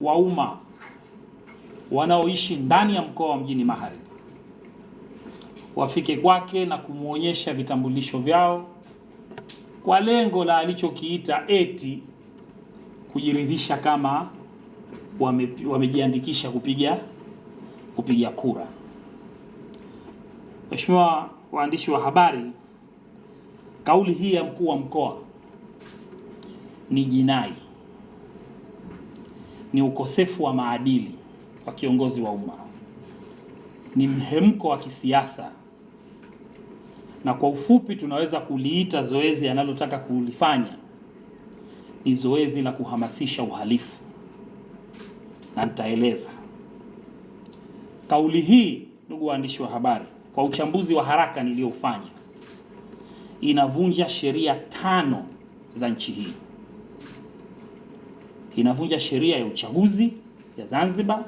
wa umma wanaoishi ndani ya mkoa wa Mjini Magharibi wafike kwake na kumwonyesha vitambulisho vyao kwa lengo la alichokiita eti kujiridhisha kama wame, wamejiandikisha kupiga kupiga kura. Mheshimiwa waandishi wa habari, kauli hii ya mkuu wa mkoa ni jinai ni ukosefu wa maadili kwa kiongozi wa umma, ni mhemko wa kisiasa, na kwa ufupi tunaweza kuliita zoezi analotaka kulifanya ni zoezi la kuhamasisha uhalifu, na nitaeleza kauli hii. Ndugu waandishi wa habari, kwa uchambuzi wa haraka niliyofanya, inavunja sheria tano za nchi hii inavunja sheria ya uchaguzi ya Zanzibar,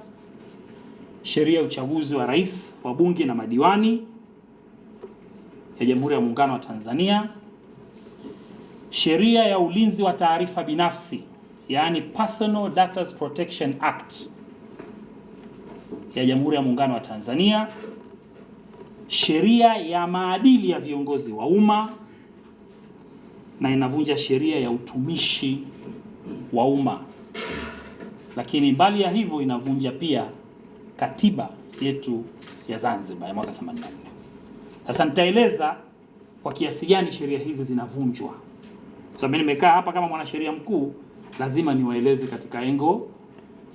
sheria ya uchaguzi wa rais, wabunge na madiwani ya Jamhuri ya Muungano wa Tanzania, sheria ya ulinzi wa taarifa binafsi, yaani Personal Data Protection Act ya Jamhuri ya Muungano wa Tanzania, sheria ya maadili ya viongozi wa umma na inavunja sheria ya utumishi wa umma. Lakini mbali ya hivyo inavunja pia katiba yetu ya Zanzibar ya mwaka 84. Sasa nitaeleza kwa kiasi gani sheria hizi zinavunjwa. So mimi nimekaa hapa kama mwanasheria mkuu, lazima niwaeleze katika engo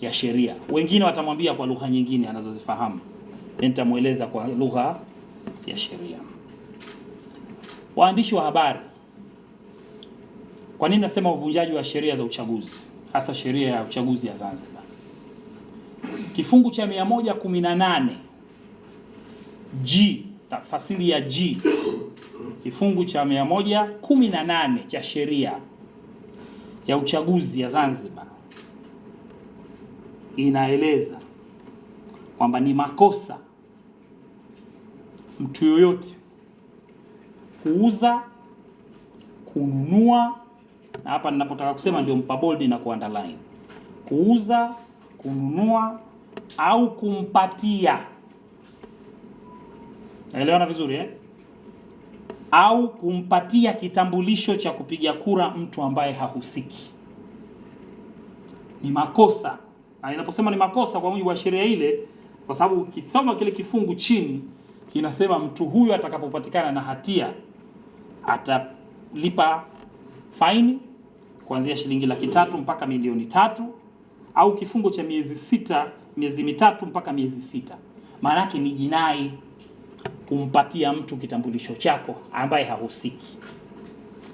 ya sheria. Wengine watamwambia kwa lugha nyingine anazozifahamu, nitamweleza kwa lugha ya sheria. Waandishi wa habari, kwa nini nasema uvunjaji wa sheria za uchaguzi? hasa sheria ya uchaguzi ya Zanzibar. Kifungu cha 118 G, tafasili ya G, kifungu cha 118 cha sheria ya uchaguzi ya Zanzibar inaeleza kwamba ni makosa mtu yoyote kuuza, kununua na hapa ninapotaka kusema ndio mpa bold na ku underline. Kuuza, kununua au kumpatia. Naelewana vizuri eh? Au kumpatia kitambulisho cha kupiga kura mtu ambaye hahusiki. Ni makosa. Na inaposema ni makosa kwa mujibu wa sheria ile, kwa sababu ukisoma kile kifungu chini kinasema mtu huyo atakapopatikana na hatia atalipa faini kuanzia shilingi laki tatu mpaka milioni tatu au kifungo cha miezi sita miezi mitatu mpaka miezi sita. Maana yake ni jinai kumpatia mtu kitambulisho chako ambaye hahusiki.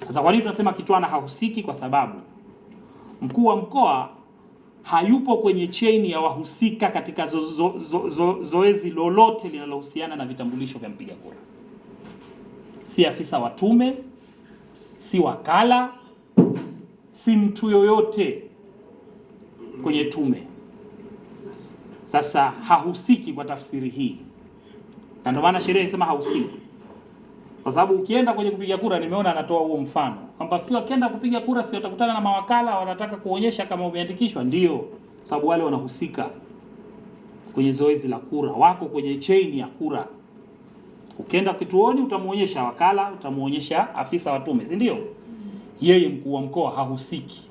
Sasa kwa nini tunasema Kitwana hahusiki? Kwa sababu mkuu wa mkoa hayupo kwenye chain ya wahusika katika zo, zo, zo, zo, zoezi lolote linalohusiana na vitambulisho vya mpiga kura, si afisa wa tume, si wakala si mtu yoyote kwenye tume. Sasa hahusiki kwa tafsiri hii, na ndio maana sheria inasema hahusiki, kwa sababu ukienda kwenye kupiga kura, nimeona anatoa huo mfano kwamba si wakienda kupiga kura, si watakutana na mawakala wanataka kuonyesha kama umeandikishwa. Ndio, kwa sababu wale wanahusika kwenye zoezi la kura, wako kwenye chain ya kura. Ukienda kituoni, utamwonyesha wakala, utamwonyesha afisa wa tume, si ndio? yeye mkuu wa mkoa hahusiki,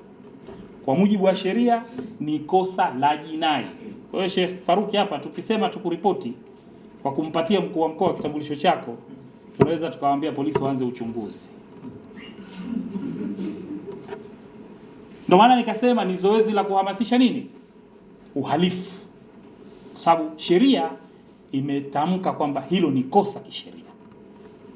kwa mujibu wa sheria ni kosa la jinai. Kwa hiyo Sheikh Faruki hapa tukisema tukuripoti kwa kumpatia mkuu wa mkoa kitambulisho chako, tunaweza tukawaambia polisi waanze uchunguzi. Ndio maana nikasema ni zoezi la kuhamasisha nini, uhalifu, kwa sababu sheria imetamka kwamba hilo ni kosa kisheria.